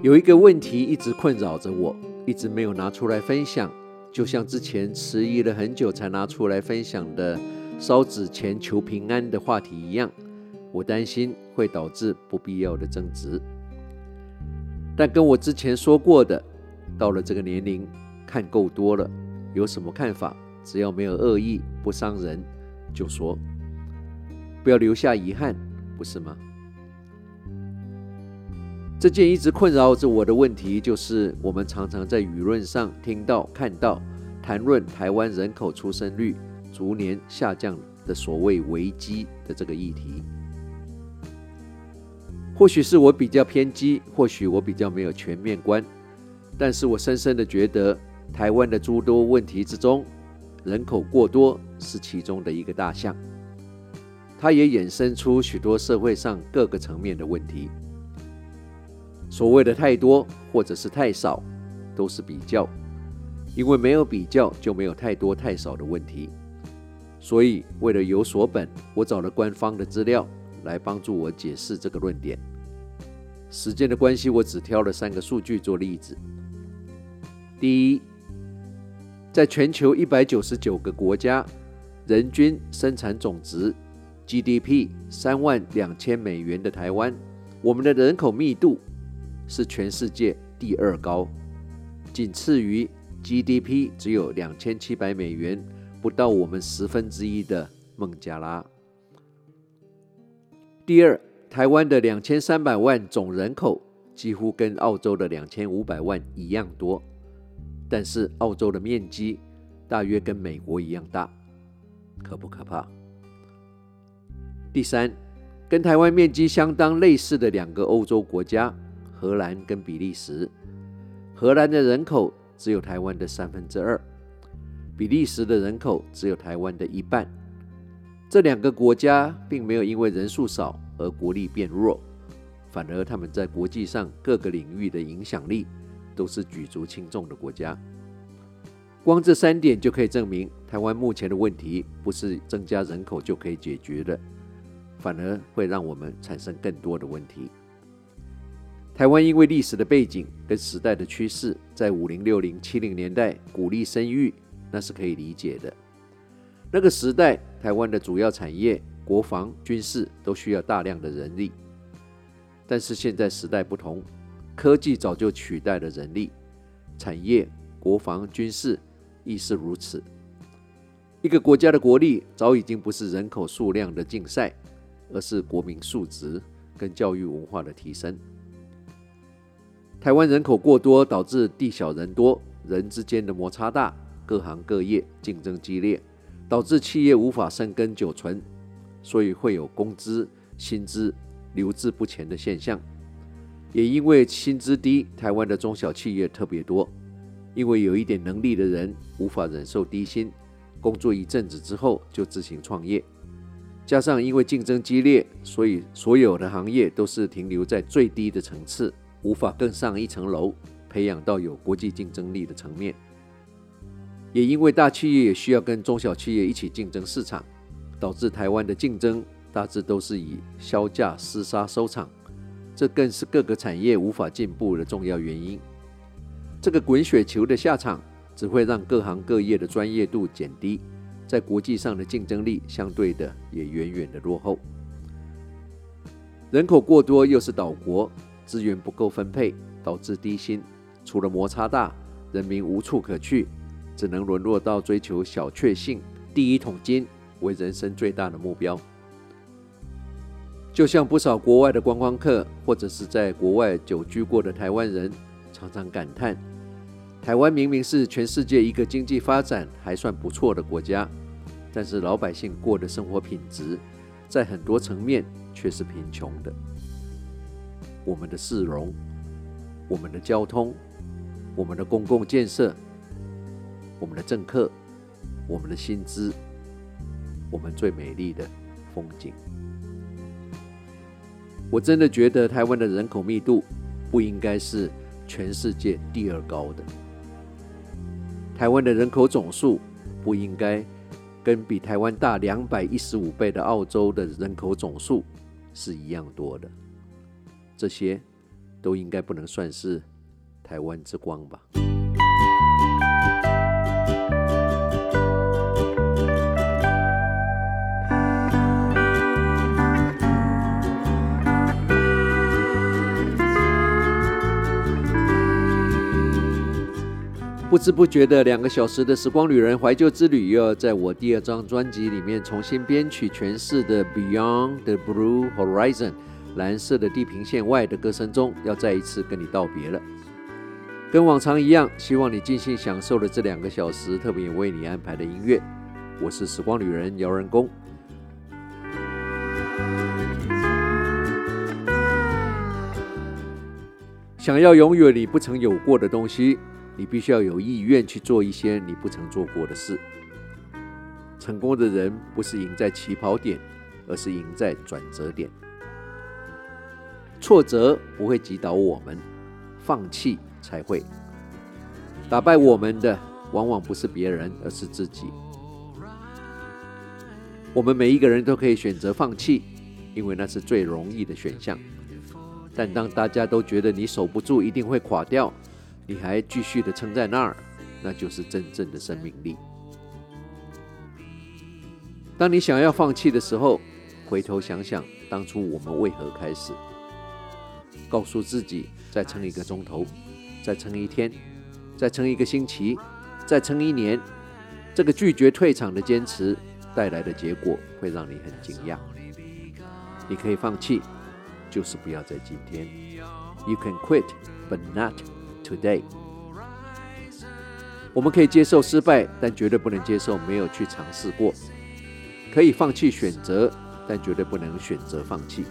有一個問題一直困擾着我，一直沒有拿出來分享，就像之前遲疑了很久才拿出來分享的燒紙錢求平安的話題一樣，我擔心會導致不必要的爭執。但跟我之前說過的，到了這個年齡，看夠多了，有什麼看法，只要沒有惡意，不傷人，就說。不要留下遺憾，不是嗎？這件一直困擾着我的問題，就是我們常常在輿論上聽到、看到、談論台灣人口出生率逐年下降的所謂危機的這個議題。或許是我比較偏激，或許我比較沒有全面觀，但是我深深的覺得，台灣的諸多問題之中，人口過多是其中的一個大項，它也衍生出許多社會上各個層面的問題。所謂的太多或者是太少，都是比較，因為沒有比較就沒有太多太少的問題。所以，為了有所本，我找了官方的資料來幫助我解釋這個論點。時間的關係，我只挑了三個數據做例子。第一，在全球一百九十九個國家，人均生產總值 GDP 三萬兩千美元的台灣，我們的人口密度。是全世界第二高，僅次於 GDP 只有兩千七百美元，不到我們十分之一的孟加拉。第二，台灣的兩千三百萬總人口幾乎跟澳洲的兩千五百萬一樣多，但是澳洲的面積大約跟美國一樣大，可不可怕？第三，跟台灣面積相當類似的兩個歐洲國家。荷蘭跟比利時，荷蘭的人口只有台灣的三分之二，比利時的人口只有台灣的一半。這兩個國家並沒有因為人數少而國力變弱，反而他們在國際上各個領域的影響力都是舉足輕重的國家。光這三點就可以證明，台灣目前的問題不是增加人口就可以解決的，反而會讓我們產生更多的問題。台灣因為歷史的背景跟時代的趨勢，在五零、六零、七零年代鼓勵生育，那是可以理解的。那個時代，台灣的主要產業、國防、軍事都需要大量的人力。但是現在時代不同，科技早就取代了人力，產業、國防、軍事亦是如此。一個國家的國力早已經不是人口數量的競賽，而是國民素質跟教育文化的提升。台灣人口過多，導致地小人多，人之間的摩擦大，各行各業競爭激烈，導致企業無法深耕久存，所以會有工資薪資流滯不前的現象。也因為薪資低，台灣的中小企業特別多，因為有一點能力的人無法忍受低薪，工作一陣子之後就自行創業。加上因為競爭激烈，所以所有的行業都是停留在最低的層次。無法更上一層樓，培養到有國際競爭力的層面。也因為大企業需要跟中小企業一起競爭市場，導致台灣的競爭大致都是以削價廝殺收場，這更是各個產業無法進步的重要原因。這個滾雪球的下場，只會讓各行各業的專業度減低，在國際上的競爭力相對的也遠遠的落後。人口過多，又是島國。資源不夠分配，導致低薪，除了摩擦大，人民無處可去，只能淪落到追求小確幸、第一桶金為人生最大的目標。就像不少國外的觀光客，或者是在國外久居過的台灣人，常常感嘆：台灣明明是全世界一個經濟發展還算不錯的國家，但是老百姓過的生活品質，在很多層面卻是貧窮的。我們的市容、我們的交通、我們的公共建設、我們的政客、我們的薪資、我們最美麗的風景，我真的覺得台灣的人口密度不應該是全世界第二高的。台灣的人口總數不應該跟比台灣大兩百一十五倍的澳洲的人口總數是一樣多的。這些都應該不能算是台灣之光吧。不知不覺的兩個小時的時光旅人懷舊之旅，又要在我第二張專輯裡面重新編曲詮釋的《Beyond the Blue Horizon》。藍色的地平線外的歌聲中，要再一次跟你道別了。跟往常一樣，希望你盡興享受了這兩個小時特別為你安排的音樂。我是時光旅人姚仁恭。想要擁有你不曾有過的東西，你必須要有意願去做一些你不曾做過的事。成功的人不是贏在起跑點，而是贏在轉折點。挫折不會擊倒我們，放棄才會。打敗我們的往往不是別人，而是自己。我們每一個人都可以選擇放棄，因為那是最容易的選項。但當大家都覺得你守不住一定會垮掉，你還繼續的撐在那兒，那就是真正的生命力。當你想要放棄的時候，回頭想想當初我們為何開始。告訴自己，再撐一個鐘頭，再撐一天，再撐一個星期，再撐一年。這個拒絕退場的堅持帶來的結果會讓你很驚訝。你可以放棄，就是不要在今天。You can quit, but not today。我們可以接受失敗，但絕對不能接受沒有去嘗試過。可以放棄選擇，但絕對不能選擇放棄。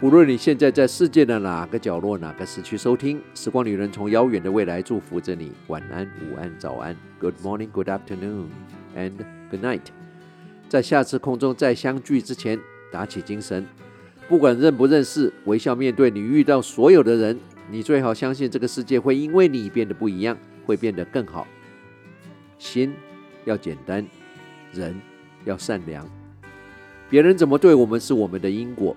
不論你現在在世界的哪個角落，哪個時區收聽，《時光旅人》從遙遠的未來祝福着你。晚安、午安、早安，Good morning, Good afternoon, and Good night。在下次空中再相聚之前，打起精神。不管認不認識，微笑面對你遇到所有的人。你最好相信這個世界會因為你變得不一樣，會變得更好。心要簡單，人要善良。別人怎麼對我們，是我們的因果。